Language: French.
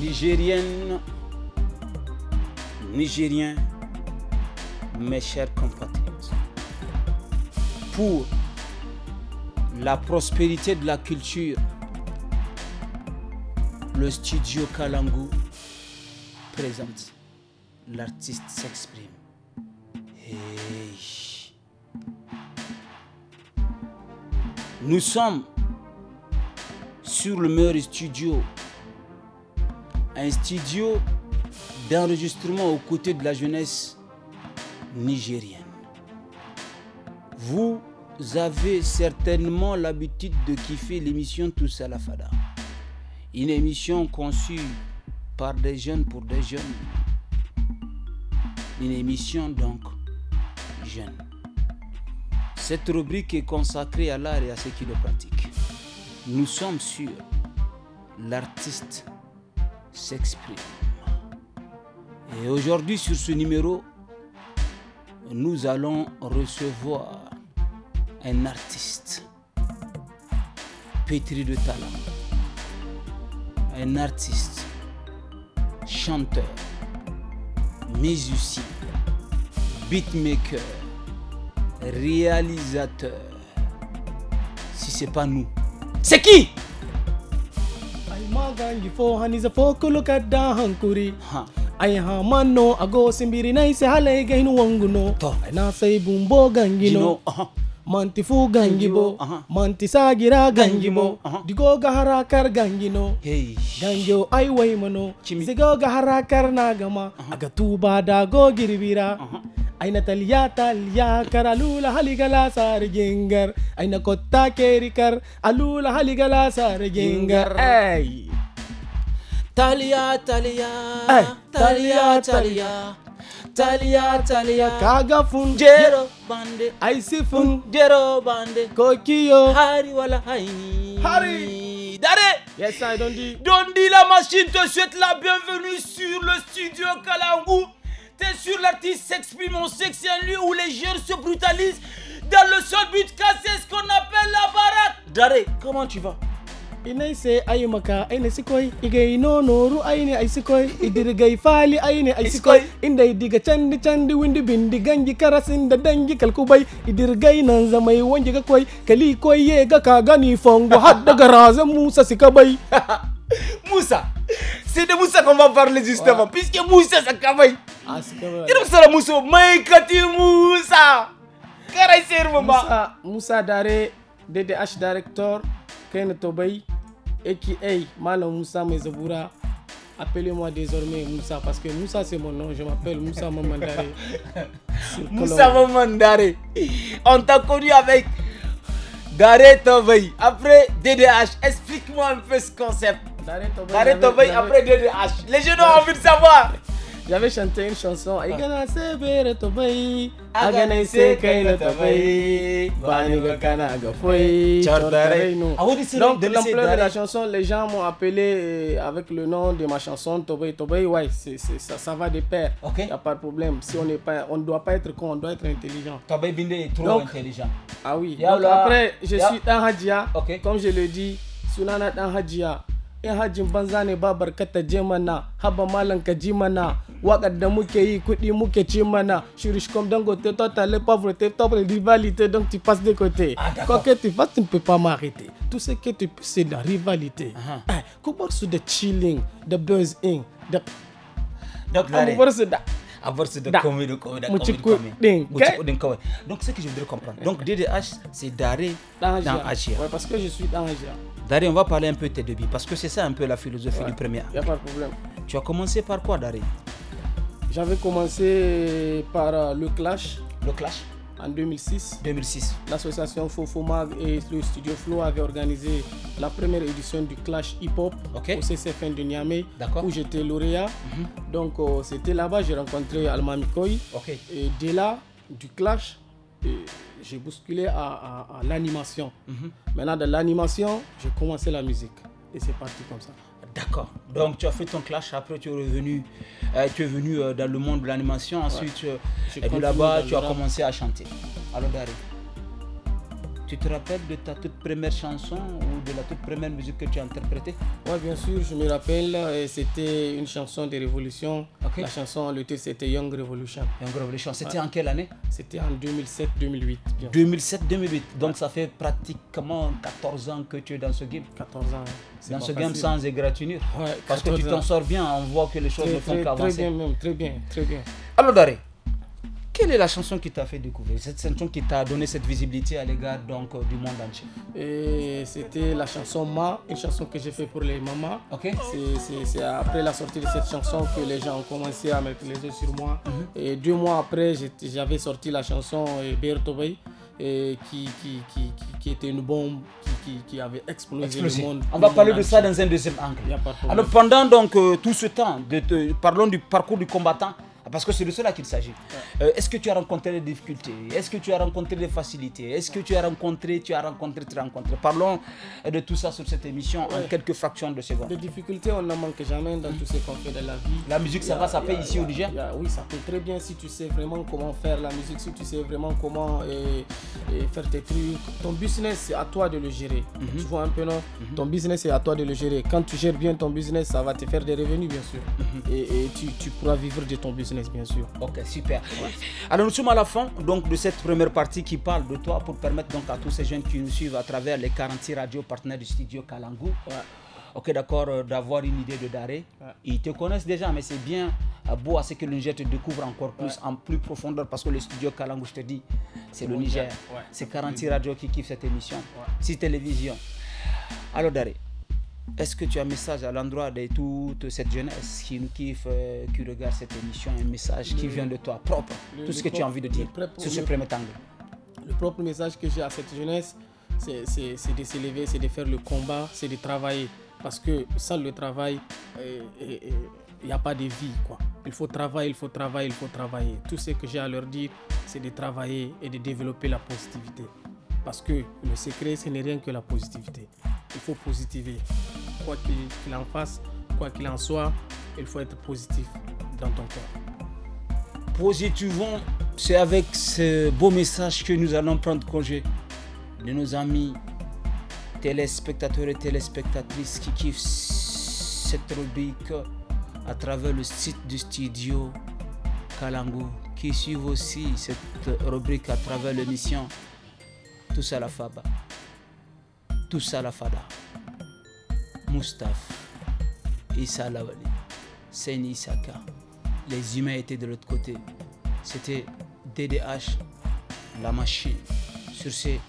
Nigérienne, Nigérien, mes chers compatriotes, pour la prospérité de la culture, le studio Kalangu présente l'artiste s'exprime. Nous sommes sur le meilleur studio un studio d'enregistrement aux côtés de la jeunesse nigérienne. Vous avez certainement l'habitude de kiffer l'émission Tous à la Fada. Une émission conçue par des jeunes pour des jeunes. Une émission donc jeune. Cette rubrique est consacrée à l'art et à ce qui le pratique. Nous sommes sur l'artiste s'exprime. Et aujourd'hui sur ce numéro, nous allons recevoir un artiste pétri de talent, un artiste, chanteur, musicien, beatmaker, réalisateur. Si c'est pas nous, c'est qui Magangi fokulu da hankuri. Ha. ay ha manno ago simbiri nay se halay gaynu wanguno to ay na say bumbo gangino manti fu gangibo manti sagira gangimo digo gahara kar gangino gangyo ay waymano zigo gahara kar nagama aga tuba da go giribira అయిన తలియా తలియా కరలూల హలిగల సారిగింగర్ అయిన కొత్త కేరికర్ అలూల హలిగల సారిగింగర్ తలియా తలియా తలియా తలియా తలియా తలియా కాగా ఫుంజేరో బండే ఐసి ఫుంజేరో బండే కోకియో హరి వల హైని Hari Daré Yes, I Dondi. Dondi, la machine te souhaite la bienvenue sur le studio Kalangu. T'es sur l'artiste s'exprime, on sait que c'est un lieu où les jeunes se brutalisent dans le seul but casser ce qu'on appelle la baraque. Daré, comment tu vas inai se ayi maka aine sikoi igai no noru aine ai sikoi idirgai fali ayne ay sikoy indai diga chandi chandi windi bindi gangi karasin dangi kalkubai idirgai nan zamai wangi ga koi kali koy ye ga gani fongo har daga razan musa sikabai musa parler justement, Moussa ah, Moussa c'est un register puisque c'est musa saka Et irin Moussa, Moussa kati Moussa karai Moussa Moussa dare ddh director Tobay, Et qui est musa Moussa zabura Appelez-moi désormais Moussa parce que Moussa c'est mon nom, je m'appelle Moussa Mamandare. Moussa Mamandare. On t'a connu avec Dare Tobay. Après DDH, explique-moi un peu ce concept après Les jeunes ont envie de savoir. J'avais chanté une chanson. Ah. Donc, de l'ampleur de la chanson, les gens m'ont appelé euh, avec le nom de ma chanson Tobey. Tobey, ouais, ça, ça va de pair. Il a pas de problème. Si on pas, on ne doit pas être con, on doit être intelligent. Tobey Binde est trop intelligent. Ah oui. Donc, après, je suis un Hadia. Comme je le dis, Sunana dans Hadia. in hajjin banza ne ba barkata je mana haba malam ka ji mana wakar da muke yi kuɗi muke ci mana shirishkom comme d'un totale toi te les pauvres t'es top les donc tu passes de côté ah, quoi que tu fasses tu ne peux pas m'arrêter tout ce que tu peux c'est de la rivalité ku bar su da chilling da buzzing da da bar su da avoir ce de commun, de Donc, ce que je voudrais comprendre. Donc, DDH, c'est Daré dans, dans parce que je suis dans Agir. Daré, on va parler un peu de tes débuts, parce que c'est ça un peu la philosophie du premier a pas de problème. Tu as commencé par quoi, Daré J'avais commencé par euh, le clash. Le clash en 2006. 2006. L'association Fofomag et le studio Flo avaient organisé la première édition du Clash Hip Hop au CCFN de Niamey, où j'étais lauréat. Mhm. Donc euh, c'était là-bas, j'ai rencontré Alma Mikoy. Et dès là, du Clash, euh, j'ai bousculé à, l'animation. Mhm. Maintenant, de l'animation, j'ai commencé la musique. Et c'est parti comme ça. D'accord. Donc tu as fait ton clash, après tu es revenu, euh, tu es venu euh, dans le monde de l'animation, ensuite euh, là-bas tu as commencé à chanter. Alors tu te rappelles de ta toute première chanson ou de la toute première musique que tu as interprétée Oui, bien sûr, je me rappelle. Euh, c'était une chanson de révolution. La chanson, le était c'était Young Revolution. Young Revolution. C'était en quelle année C'était en 2007-2008. 2007-2008. Donc ça fait pratiquement 14 ans que tu es dans ce game. 14 ans. Dans ce game sans égratignure. Ouais, Parce que tu t'en sors bien. On voit que les choses ne font qu'avancer. Très bien, Très bien. Très bien. Alors, quelle est la chanson qui t'a fait découvrir Cette chanson qui t'a donné cette visibilité à l'égard donc euh, du monde entier c'était la chanson Ma, une chanson que j'ai fait pour les mamans. Ok. C'est après la sortie de cette chanson que les gens ont commencé à mettre les yeux sur moi. Mhm. Et deux mois après, j'avais sorti la chanson euh, Bertobey. Et qui, qui, qui, qui, était une bombe qui, avait explosé le monde. On va parler de ça dans un deuxième angle. Alors pendant donc euh, tout ce temps, parlons du parcours du combattant. Ah, parce que c'est de cela qu'il s'agit. Euh, est-ce que tu as rencontré des difficultés Est-ce que tu as rencontré des facilités Est-ce que tu as rencontré, tu as rencontré, tu as rencontré Parlons euh, de tout ça sur cette émission en quelques fractions de secondes. Les difficultés, on n'en manque jamais dans tous ces ce de la vie. La musique, ça va, ça fait ici au Niger Oui, ça fait très bien si tu sais vraiment comment faire la musique, si tu sais vraiment comment euh, faire tes trucs. Ton business, c'est à toi de le gérer. Mhm. Tu vois un peu, non mhm. Ton business, c'est à toi de le gérer. Quand tu gères bien ton business, ça va te faire des revenus, bien sûr. Mhm. Et, tu pourras vivre de ton business bien sûr. Ok, super. Alors, nous sommes à la fin donc, de cette première partie qui parle de toi pour permettre donc, à tous ces jeunes qui nous suivent à travers les 46 radios partenaires du studio Kalangou. Ok, d'accord, euh, d'avoir une idée de Daré. Ils te connaissent déjà, mais c'est bien euh, beau à ce que le Niger te découvre encore plus, en plus profondeur, parce que le studio Kalangu, je te dis, c'est le Niger. C'est 46 radios qui kiffent cette émission. C'est télévision. Alors, Daré, est-ce que tu as un message à l'endroit de toute cette jeunesse qui nous kiffe, euh, qui regarde cette émission, un message qui vient de toi, propre, tout ce que tu as envie de dire sur ce premier angle Le propre message que j'ai à cette jeunesse, c'est de s'élever, c'est de faire le combat, c'est de travailler. Parce que sans le travail, il euh, n'y euh, a pas de vie. Quoi. Il faut travailler, il faut travailler, il faut travailler. Tout ce que j'ai à leur dire, c'est de travailler et de développer la positivité. Parce que le secret, ce n'est rien que la positivité. Il faut positiver. Quoi qu'il en fasse, quoi qu'il en soit, il faut être positif dans ton corps. Positivons, c'est avec ce beau message que nous allons prendre congé de nos amis téléspectateurs et téléspectatrices qui kiffent cette rubrique à travers le site du studio Kalango, qui suivent aussi cette rubrique à travers l'émission la la fada. Moustapha. Issa Lavali. Seni Isaka. Les humains étaient de l'autre côté. C'était DDH, la machine. Sur ces.